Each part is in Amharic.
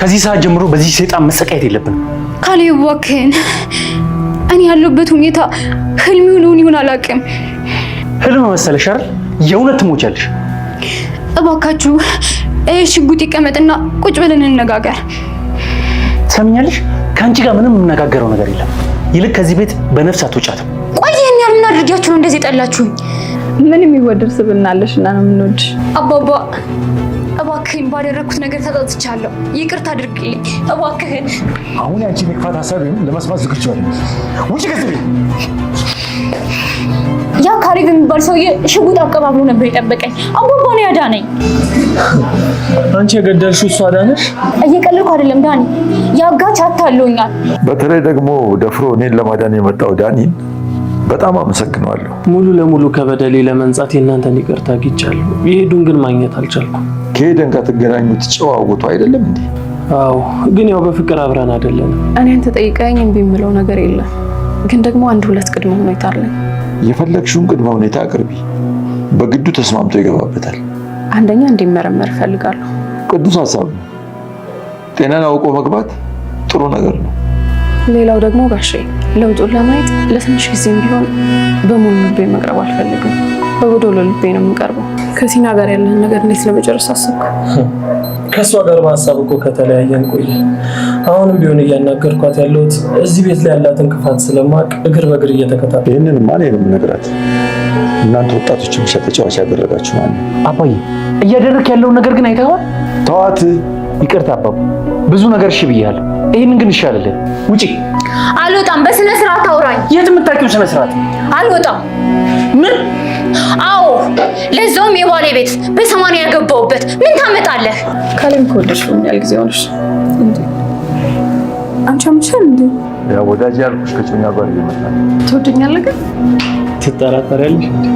ከዚህ ሰዓት ጀምሮ በዚህ ሴጣን መሰቃየት የለብንም። ካሌብ እባክህን፣ እኔ ያለሁበት ሁኔታ ህልም ይሁን ይሁን አላውቅም። ህልም መሰለሽ አይደል? የእውነት ትሞቻለሽ። እባካችሁ ሽጉጥ ይቀመጥና ቁጭ ብለን እንነጋገር። ሰምኛለሽ? ከአንቺ ጋር ምንም የምነጋገረው ነገር የለም። ይልቅ ከዚህ ቤት በነፍስ አትውጫትም። ቆይ ይሄን ያህል ምን አድርጊያችሁ ነው እንደዚህ ጠላችሁኝ? ምንም ይወድር ስብናለሽ እና ነው የምንወድሽ አባባ እባክህን ባደረግኩት ነገር ተጸጽቻለሁ፣ ይቅርታ አድርግልኝ እባክህን። አሁን ያንቺ የመግፋት ሀሳብ ለመስማት ዝግጅዋል። ውጭ ከዚህ ያ ካሪግ የሚባል ሰውዬ ሽጉጥ አቀባብሎ ነበር የጠበቀኝ። አንጓጓ ነው ያዳነኝ። አንቺ የገደልሽው እሱ አዳነሽ? እየቀለድኩ አይደለም ዳኒ፣ ያጋች አታለውኛል። በተለይ ደግሞ ደፍሮ እኔን ለማዳን የመጣው ዳኒን በጣም አመሰግነዋለሁ። ሙሉ ለሙሉ ከበደሌ ለመንጻት የእናንተን ይቅርታ አግኝቻለሁ። ይሄ ዱን ግን ማግኘት አልቻልኩም። ከሄደን ጋር ትገናኙ ትጨዋወቱ አይደለም እንዴ? አዎ፣ ግን ያው በፍቅር አብረን አይደለም። አንተ ተጠይቀኝ እምቢ የምለው ነገር የለም። ግን ደግሞ አንድ ሁለት ቅድመ ሁኔታ አለኝ። የፈለግሽውን ቅድመ ሁኔታ አቅርቢ። በግዱ ተስማምቶ ይገባበታል። አንደኛ እንዲመረመር እፈልጋለሁ። ቅዱስ ሀሳብ ነው። ጤናን አውቆ መግባት ጥሩ ነገር ነው። ሌላው ደግሞ ጋሼ ለውጡን ለማየት ለትንሽ ጊዜም ቢሆን በሙሉ ልቤ መቅረብ አልፈልግም። በጎዶሎ ልቤ ነው የምቀርበው። ከሲና ጋር ያለን ነገር እንዴት ለመጨረስ አሰብኩ? ከእሷ ጋር በሀሳብ እኮ ከተለያየን ቆየ። አሁንም ቢሆን እያናገርኳት ያለሁት እዚህ ቤት ላይ ያላትን ክፋት ስለማቅ እግር በእግር እየተከታተል ይህንን ማን ነው ነግራት። እናንተ ወጣቶች ብቻ ተጫዋች ያደረጋችሁ ማለት ነው። አባዬ እያደረክ ያለውን ነገር ግን አይተኸዋል? ተዋት። ይቅርታ አባቡ ብዙ ነገር እሺ ብያለሁ ይሄንን ግን ይሻላል። ውጪ። አልወጣም። በስነ ስርዓት አውራኝ። የት የምታውቂው ስነ ስርዓት? አልወጣም። ምን? አዎ፣ ለዛውም የባሌ ቤት በሰማንያ ያገባውበት ምን ታመጣለህ? ካለም ኮልሽ ምን ያህል ጊዜ ሆነሽ እንዴ? አንቺ አምሻል እንዴ? ያ ወዳጅ ያልኩሽ ከጮኛ ጋር ይመጣል። ትወደኛለህ? ግን ትጠራጠሪያለሽ እንዴ?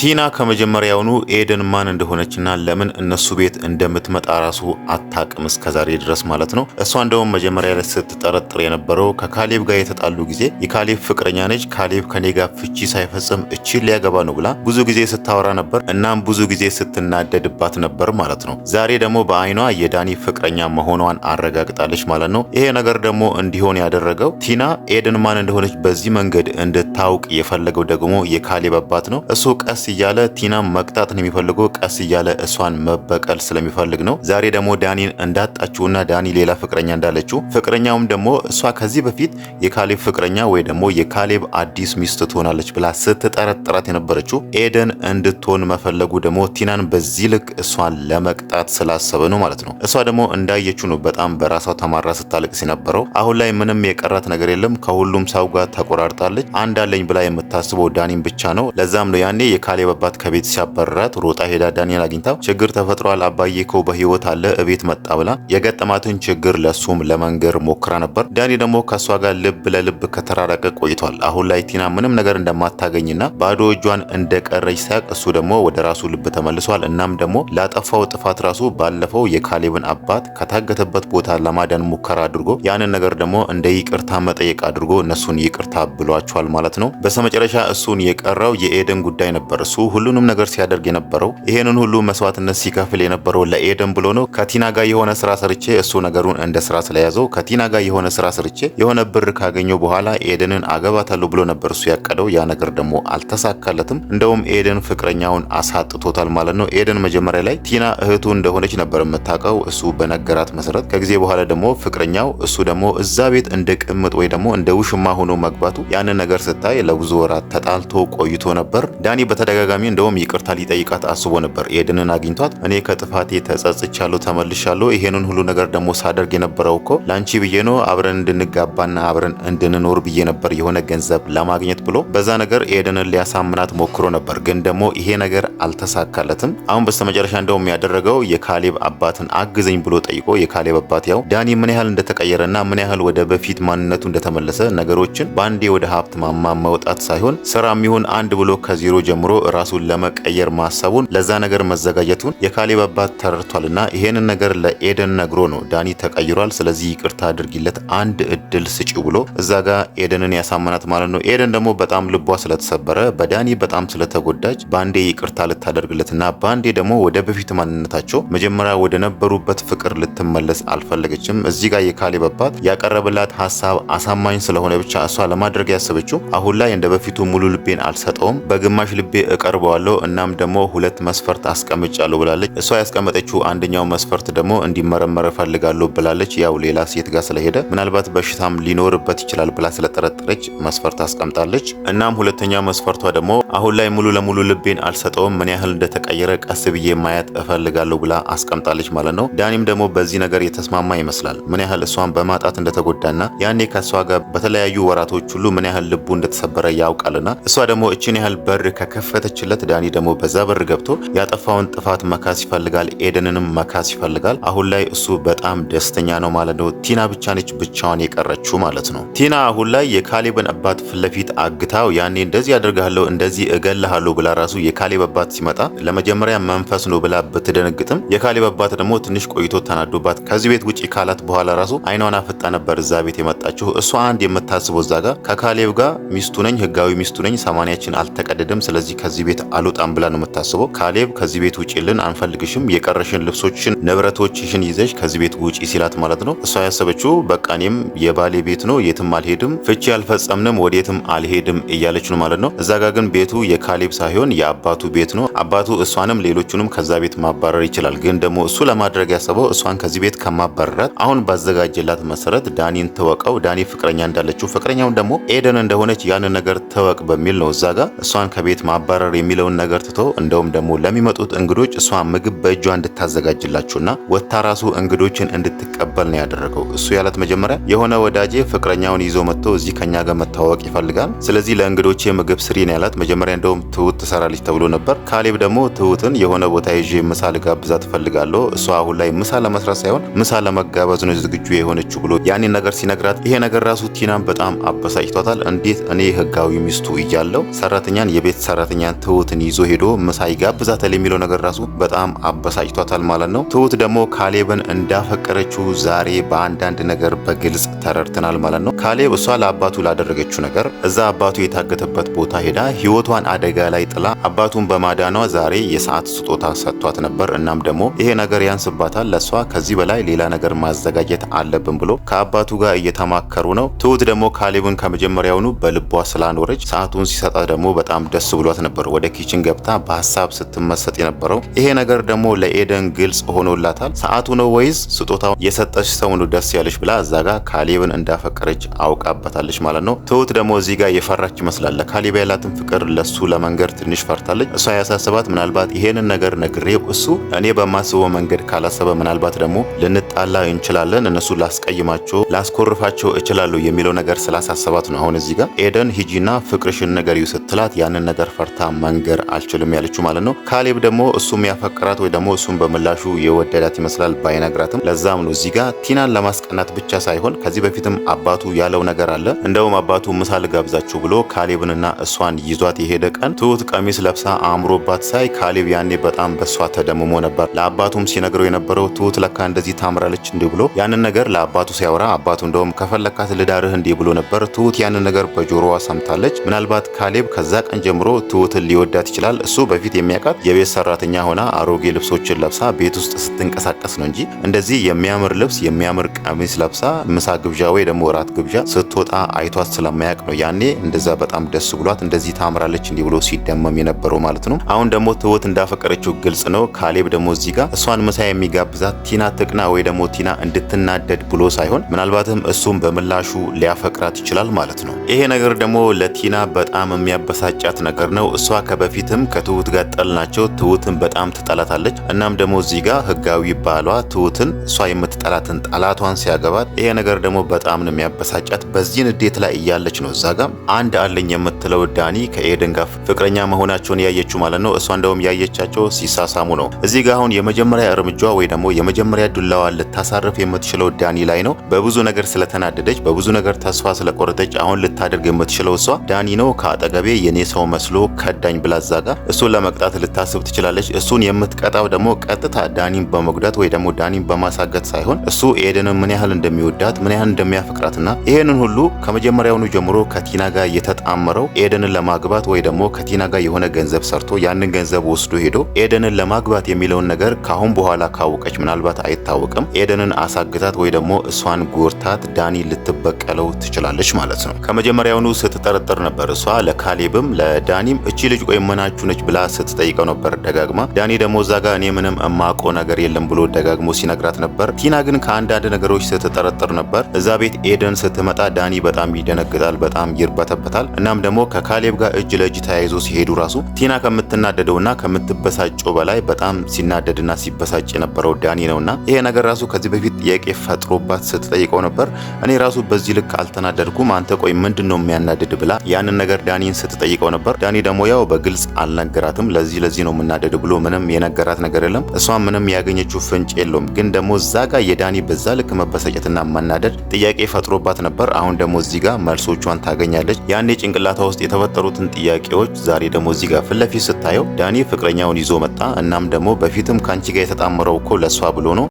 ቲና ከመጀመሪያውኑ ኤደን ማን እንደሆነችና ለምን እነሱ ቤት እንደምትመጣ ራሱ አታቅም እስከዛሬ ድረስ ማለት ነው። እሷ እንደውም መጀመሪያ ላይ ስትጠረጥር የነበረው ከካሌብ ጋር የተጣሉ ጊዜ የካሌብ ፍቅረኛ ነች፣ ካሌብ ከኔ ጋር ፍቺ ሳይፈጽም እችን ሊያገባ ነው ብላ ብዙ ጊዜ ስታወራ ነበር። እናም ብዙ ጊዜ ስትናደድባት ነበር ማለት ነው። ዛሬ ደግሞ በአይኗ የዳኒ ፍቅረኛ መሆኗን አረጋግጣለች ማለት ነው። ይሄ ነገር ደግሞ እንዲሆን ያደረገው ቲና ኤደን ማን እንደሆነች በዚህ መንገድ እንድታውቅ የፈለገው ደግሞ የካሌብ አባት ነው። እሱ ቀስ እያለ ቲናም መቅጣት ነው የሚፈልገው። ቀስ እያለ እሷን መበቀል ስለሚፈልግ ነው። ዛሬ ደግሞ ዳኒን እንዳጣችውና ዳኒ ሌላ ፍቅረኛ እንዳለችው ፍቅረኛውም ደግሞ እሷ ከዚህ በፊት የካሌብ ፍቅረኛ ወይ ደግሞ የካሌብ አዲስ ሚስት ትሆናለች ብላ ስትጠረጥራት የነበረችው ኤደን እንድትሆን መፈለጉ ደግሞ ቲናን በዚህ ልክ እሷን ለመቅጣት ስላሰበ ነው ማለት ነው። እሷ ደግሞ እንዳየችው ነው በጣም በራሷ ተማራ ስታለቅስ የነበረው። አሁን ላይ ምንም የቀራት ነገር የለም። ከሁሉም ሰው ጋር ተቆራርጣለች። አንዳለኝ ብላ የምታስበው ዳኒን ብቻ ነው። ለዛም ነው ያኔ የካሌብ አባት ከቤት ሲያባርራት ሮጣ ሄዳ ዳንኤል አግኝታው ችግር ተፈጥሯል፣ አባዬ እኮ በህይወት አለ እቤት መጣ ብላ የገጠማትን ችግር ለሱም ለመንገር ሞክራ ነበር። ዳኒ ደግሞ ከእሷ ጋር ልብ ለልብ ከተራራቀ ቆይቷል። አሁን ላይ ቲና ምንም ነገር እንደማታገኝና ባዶ እጇን እንደቀረች ሳያቅ እሱ ደግሞ ወደ ራሱ ልብ ተመልሷል። እናም ደግሞ ላጠፋው ጥፋት ራሱ ባለፈው የካሌብን አባት ከታገተበት ቦታ ለማዳን ሙከራ አድርጎ ያንን ነገር ደግሞ እንደ ይቅርታ መጠየቅ አድርጎ እነሱን ይቅርታ ብሏቸዋል ማለት ነው። በስተመጨረሻ እሱን የቀረው የኤደን ጉዳይ ነበር። እሱ ሁሉንም ነገር ሲያደርግ የነበረው ይሄንን ሁሉ መስዋዕትነት ሲከፍል የነበረው ለኤደን ብሎ ነው። ከቲና ጋር የሆነ ስራ ሰርቼ እሱ ነገሩን እንደ ስራ ስለያዘው ከቲና ጋር የሆነ ስራ ሰርቼ የሆነ ብር ካገኘው በኋላ ኤደንን አገባታለሁ ብሎ ነበር እሱ ያቀደው። ያ ነገር ደግሞ አልተሳካለትም። እንደውም ኤደን ፍቅረኛውን አሳጥቶታል ማለት ነው። ኤደን መጀመሪያ ላይ ቲና እህቱ እንደሆነች ነበር የምታውቀው እሱ በነገራት መሰረት ከጊዜ በኋላ ደግሞ ፍቅረኛው እሱ ደግሞ እዛ ቤት እንደ ቅምጥ ወይ ደግሞ እንደ ውሽማ ሆኖ መግባቱ ያንን ነገር ስታይ ለብዙ ወራት ተጣልቶ ቆይቶ ነበር። ዳኒ በተደጋ በተደጋጋሚ እንደውም ይቅርታ ሊጠይቃት አስቦ ነበር። ኤደንን አግኝቷት እኔ ከጥፋቴ ተጸጽቻለሁ፣ ተመልሻለሁ። ይሄንን ሁሉ ነገር ደግሞ ሳደርግ የነበረው እኮ ላንቺ ብዬ ነው፣ አብረን እንድንጋባና አብረን እንድንኖር ብዬ ነበር፣ የሆነ ገንዘብ ለማግኘት ብሎ በዛ ነገር ኤደንን ሊያሳምናት ሞክሮ ነበር። ግን ደግሞ ይሄ ነገር አልተሳካለትም። አሁን በስተመጨረሻ እንደውም ያደረገው የካሌብ አባትን አግዘኝ ብሎ ጠይቆ የካሌብ አባት ያው ዳኒ ምን ያህል እንደተቀየረና ምን ያህል ወደ በፊት ማንነቱ እንደተመለሰ ነገሮችን በአንዴ ወደ ሀብት ማማ መውጣት ሳይሆን ስራ የሚሆን አንድ ብሎ ከዜሮ ጀምሮ ራሱን ለመቀየር ማሰቡን ለዛ ነገር መዘጋጀቱን የካሌብ አባት ተረድቷልና ይሄንን ነገር ለኤደን ነግሮ ነው ዳኒ ተቀይሯል፣ ስለዚህ ይቅርታ አድርጊለት አንድ እድል ስጪው ብሎ እዛ ጋ ኤደንን ያሳመናት ማለት ነው። ኤደን ደግሞ በጣም ልቧ ስለተሰበረ በዳኒ በጣም ስለተጎዳጅ ባንዴ ይቅርታ ልታደርግለትና ባንዴ ደግሞ ወደ በፊት ማንነታቸው መጀመሪያ ወደ ነበሩበት ፍቅር ልትመለስ አልፈለገችም። እዚህ ጋር የካሌብ አባት ያቀረበላት ሀሳብ አሳማኝ ስለሆነ ብቻ እሷ ለማድረግ ያሰበችው አሁን ላይ እንደ በፊቱ ሙሉ ልቤን አልሰጠውም፣ በግማሽ ልቤ እቀርበዋለሁ እናም ደግሞ ሁለት መስፈርት አስቀምጫለሁ ብላለች። እሷ ያስቀመጠችው አንደኛው መስፈርት ደግሞ እንዲመረመር እፈልጋለሁ ብላለች። ያው ሌላ ሴት ጋር ስለሄደ ምናልባት በሽታም ሊኖርበት ይችላል ብላ ስለጠረጠረች መስፈርት አስቀምጣለች። እናም ሁለተኛ መስፈርቷ ደግሞ አሁን ላይ ሙሉ ለሙሉ ልቤን አልሰጠውም፣ ምን ያህል እንደተቀየረ ቀስ ብዬ ማየት እፈልጋለሁ ብላ አስቀምጣለች ማለት ነው። ዳኒም ደግሞ በዚህ ነገር የተስማማ ይመስላል። ምን ያህል እሷን በማጣት እንደተጎዳና ያኔ ከእሷ ጋር በተለያዩ ወራቶች ሁሉ ምን ያህል ልቡ እንደተሰበረ ያውቃልና እሷ ደግሞ እችን ያህል በር ከከፈተ ከሸለተችለት ዳኒ ደግሞ በዛ በር ገብቶ ያጠፋውን ጥፋት መካስ ይፈልጋል። ኤደንንም መካስ ይፈልጋል። አሁን ላይ እሱ በጣም ደስተኛ ነው ማለት ነው። ቲና ብቻ ነች ብቻዋን የቀረችው ማለት ነው። ቲና አሁን ላይ የካሌብን አባት ፊት ለፊት አግታው ያኔ እንደዚህ ያደርግሃለሁ እንደዚህ እገልሃለሁ ብላ ራሱ የካሌብ አባት ሲመጣ ለመጀመሪያ መንፈስ ነው ብላ ብትደነግጥም የካሌብ አባት ደግሞ ትንሽ ቆይቶ ተናዶባት ከዚህ ቤት ውጭ ካላት በኋላ ራሱ አይኗን አፍጣ ነበር እዛ ቤት የመጣችው እሷ አንድ የምታስበው እዛ ጋር ከካሌብ ጋር ሚስቱ ነኝ ህጋዊ ሚስቱ ነኝ ሰማንያችን አልተቀደደም ስለዚህ ከዚህ ከዚህ ቤት አልወጣም ብላ ነው የምታስበው። ካሌብ ከዚህ ቤት ውጪልን፣ አንፈልግሽም፣ የቀረሽን ልብሶችን፣ ንብረቶችሽን ይዘሽ ከዚህ ቤት ውጪ ሲላት ማለት ነው እሷ ያሰበችው በቃ እኔም የባሌ ቤት ነው የትም አልሄድም፣ ፍቺ አልፈጸምንም፣ ወዴትም አልሄድም እያለች ነው ማለት ነው። እዛ ጋ ግን ቤቱ የካሌብ ሳይሆን የአባቱ ቤት ነው። አባቱ እሷንም ሌሎቹንም ከዛ ቤት ማባረር ይችላል። ግን ደግሞ እሱ ለማድረግ ያሰበው እሷን ከዚህ ቤት ከማባረራት አሁን ባዘጋጀላት መሰረት ዳኒን ትወቀው፣ ዳኒ ፍቅረኛ እንዳለችው ፍቅረኛውን ደግሞ ኤደን እንደሆነች ያንን ነገር ትወቅ በሚል ነው እዛ ጋ እሷን ከቤት ማባረር መባረር የሚለውን ነገር ትቶ እንደውም ደግሞ ለሚመጡት እንግዶች እሷ ምግብ በእጇ እንድታዘጋጅላችሁና ወታ ራሱ እንግዶችን እንድትቀበል ነው ያደረገው። እሱ ያላት መጀመሪያ የሆነ ወዳጄ ፍቅረኛውን ይዞ መጥቶ እዚህ ከኛ ጋር መተዋወቅ ይፈልጋል፣ ስለዚህ ለእንግዶቼ ምግብ ስሪ ነው ያላት። መጀመሪያ እንደውም ትሁት ትሰራለች ተብሎ ነበር። ካሌብ ደግሞ ትሁትን የሆነ ቦታ ይዤ ምሳ ልጋብዛት እፈልጋለሁ፣ እሷ አሁን ላይ ምሳ ለመስራት ሳይሆን ምሳ ለመጋበዝ ነው ዝግጁ የሆነችው ብሎ ያኔን ነገር ሲነግራት ይሄ ነገር ራሱ ቲናን በጣም አበሳጭቷታል። እንዴት እኔ ህጋዊ ሚስቱ እያለው ሰራተኛን የቤት ሰራተኛን ትሁትን ይዞ ሄዶ ምሳ ይጋብዛታል የሚለው ነገር ራሱ በጣም አበሳጭቷታል ማለት ነው። ትሁት ደግሞ ካሌብን እንዳፈቀረችው ዛሬ በአንዳንድ ነገር በግልጽ ተረድተናል ማለት ነው። ካሌብ እሷ ለአባቱ ላደረገችው ነገር እዛ አባቱ የታገተበት ቦታ ሄዳ ህይወቷን አደጋ ላይ ጥላ አባቱን በማዳኗ ዛሬ የሰዓት ስጦታ ሰጥቷት ነበር። እናም ደግሞ ይሄ ነገር ያንስባታል ለእሷ ከዚህ በላይ ሌላ ነገር ማዘጋጀት አለብን ብሎ ከአባቱ ጋር እየተማከሩ ነው። ትሁት ደግሞ ካሌብን ከመጀመሪያውኑ በልቧ ስላኖረች ሰዓቱን ሲሰጣት ደግሞ በጣም ደስ ብሏት ነበር። ነበር ወደ ኪችን ገብታ በሀሳብ ስትመሰጥ የነበረው። ይሄ ነገር ደግሞ ለኤደን ግልጽ ሆኖላታል። ሰዓቱ ነው ወይስ ስጦታው የሰጠች ሰው ነው ደስ ያለች ብላ እዛ ጋር ካሌብን እንዳፈቀረች አውቃበታለች ማለት ነው። ትሁት ደግሞ እዚህ ጋር የፈራች ይመስላል። ለካሌብ ያላትን ፍቅር ለሱ ለመንገር ትንሽ ፈርታለች። እሷ ያሳስባት ምናልባት ይሄንን ነገር ነግሬው እሱ እኔ በማስበው መንገድ ካላሰበ ምናልባት ደግሞ ልንጣላ እንችላለን፣ እነሱ ላስቀይማቸው፣ ላስኮርፋቸው እችላለሁ የሚለው ነገር ስላሳሰባት ነው። አሁን እዚህ ጋር ኤደን ሂጂና ፍቅርሽን ነገር ይውስጥ ያንን ነገር ፈርታ መንገር አልችልም ያለችው ማለት ነው። ካሌብ ደግሞ እሱም ያፈቀራት ወይ ደግሞ እሱም በምላሹ የወደዳት ይመስላል ባይነግራትም። ለዛም ነው እዚህ ጋር ቲናን ለማስቀናት ብቻ ሳይሆን ከዚህ በፊትም አባቱ ያለው ነገር አለ። እንደውም አባቱ ምሳ ልጋብዛችሁ ብሎ ካሌብንና እሷን ይዟት የሄደ ቀን ትሁት ቀሚስ ለብሳ አምሮባት ሳይ ካሌብ ያኔ በጣም በሷ ተደምሞ ነበር። ለአባቱም ሲነግረው የነበረው ትሁት ለካ እንደዚህ ታምራለች እንዲህ ብሎ ያንን ነገር ለአባቱ ሲያወራ አባቱ እንደውም ከፈለካት ልዳርህ እንዲህ ብሎ ነበር። ትሁት ያንን ነገር በጆሮዋ ሰምታለች። ምናልባት ካሌብ ከዛ ቀን ጀምሮ ትሁት ሞትን ሊወዳት ይችላል። እሱ በፊት የሚያውቃት የቤት ሰራተኛ ሆና አሮጌ ልብሶችን ለብሳ ቤት ውስጥ ስትንቀሳቀስ ነው እንጂ እንደዚህ የሚያምር ልብስ የሚያምር ቀሚስ ለብሳ ምሳ ግብዣ ወይ ደግሞ እራት ግብዣ ስትወጣ አይቷት ስለማያውቅ ነው ያኔ እንደዛ በጣም ደስ ብሏት እንደዚህ ታምራለች እንዲህ ብሎ ሲደመም የነበረው ማለት ነው። አሁን ደግሞ ትሁት እንዳፈቀረችው ግልጽ ነው። ካሌብ ደግሞ እዚህ ጋር እሷን ምሳ የሚጋብዛት ቲና ትቅና ወይ ደግሞ ቲና እንድትናደድ ብሎ ሳይሆን ምናልባትም እሱም በምላሹ ሊያፈቅራት ይችላል ማለት ነው። ይሄ ነገር ደግሞ ለቲና በጣም የሚያበሳጫት ነገር ነው። እሷ ከበፊትም ከትሁት ጋር ጠልናቸው ትሁትን በጣም ትጠላታለች። እናም ደግሞ እዚህ ጋር ህጋዊ ባሏ ትሁትን እሷ የምትጠላትን ጠላቷን ሲያገባት ይሄ ነገር ደግሞ በጣም ነው የሚያበሳጫት። በዚህ ንዴት ላይ እያለች ነው እዛ ጋር አንድ አለኝ የምትለው ዳኒ ከኤደን ጋር ፍቅረኛ መሆናቸውን ያየችው ማለት ነው። እሷ እንደውም ያየቻቸው ሲሳሳሙ ነው። እዚህ ጋር አሁን የመጀመሪያ እርምጇ ወይ ደግሞ የመጀመሪያ ዱላዋ ልታሳርፍ የምትችለው ዳኒ ላይ ነው። በብዙ ነገር ስለተናደደች፣ በብዙ ነገር ተስፋ ስለቆረጠች አሁን ልታደርግ የምትችለው እሷ ዳኒ ነው ከአጠገቤ የኔ ሰው መስሎ ከ ረዳኝ ብላ እዛ ጋር እሱን ለመቅጣት ልታስብ ትችላለች። እሱን የምትቀጣው ደግሞ ቀጥታ ዳኒን በመጉዳት ወይ ደግሞ ዳኒን በማሳገት ሳይሆን እሱ ኤደንን ምን ያህል እንደሚወዳት ምን ያህል እንደሚያፈቅራትና ይሄንን ሁሉ ከመጀመሪያውኑ ጀምሮ ከቲና ጋር የተጣመረው ኤደንን ለማግባት ወይ ደግሞ ከቲና ጋር የሆነ ገንዘብ ሰርቶ ያንን ገንዘብ ወስዶ ሄዶ ኤደንን ለማግባት የሚለውን ነገር ካሁን በኋላ ካወቀች ምናልባት አይታወቅም ኤደንን አሳግታት ወይ ደግሞ እሷን ጎርታት ዳኒ ልትበቀለው ትችላለች ማለት ነው። ከመጀመሪያውኑ ስትጠረጠር ነበር እሷ ለካሌብም ለዳኒም እቺ ልጅ ቆይ ምናችሁ ነች ብላ ስትጠይቀው ነበር ደጋግማ። ዳኒ ደግሞ እዛ ጋ እኔ ምንም እማቆ ነገር የለም ብሎ ደጋግሞ ሲነግራት ነበር። ቲና ግን ከአንዳንድ ነገሮች ስትጠረጥር ነበር። እዛ ቤት ኤደን ስትመጣ ዳኒ በጣም ይደነግጣል፣ በጣም ይርበተበታል። እናም ደግሞ ከካሌብ ጋር እጅ ለእጅ ተያይዞ ሲሄዱ ራሱ ቲና ከምትናደደውና ከምትበሳጨው በላይ በጣም ሲናደድና ሲበሳጭ የነበረው ዳኒ ነውና ይሄ ነገር ራሱ ከዚህ በፊት ጥያቄ ፈጥሮባት ስትጠይቀው ነበር። እኔ ራሱ በዚህ ልክ አልተናደድኩም፣ አንተ ቆይ ምንድን ነው የሚያናድድ ብላ ያንን ነገር ዳኒን ስትጠይቀው ነበር። ዳኒ ደግሞ ያው ያው በግልጽ አልነገራትም። ለዚህ ለዚህ ነው የምናደድ ብሎ ምንም የነገራት ነገር የለም። እሷ ምንም ያገኘችው ፍንጭ የለውም። ግን ደግሞ እዛ ጋር የዳኒ በዛ ልክ መበሳጨትና መናደድ ጥያቄ ፈጥሮባት ነበር። አሁን ደግሞ እዚህ ጋር መልሶቿን ታገኛለች። ያኔ ጭንቅላቷ ውስጥ የተፈጠሩትን ጥያቄዎች ዛሬ ደግሞ እዚህ ጋር ፊት ለፊት ስታየው ዳኒ ፍቅረኛውን ይዞ መጣ። እናም ደግሞ በፊትም ከአንቺ ጋር የተጣመረው እኮ ለእሷ ብሎ ነው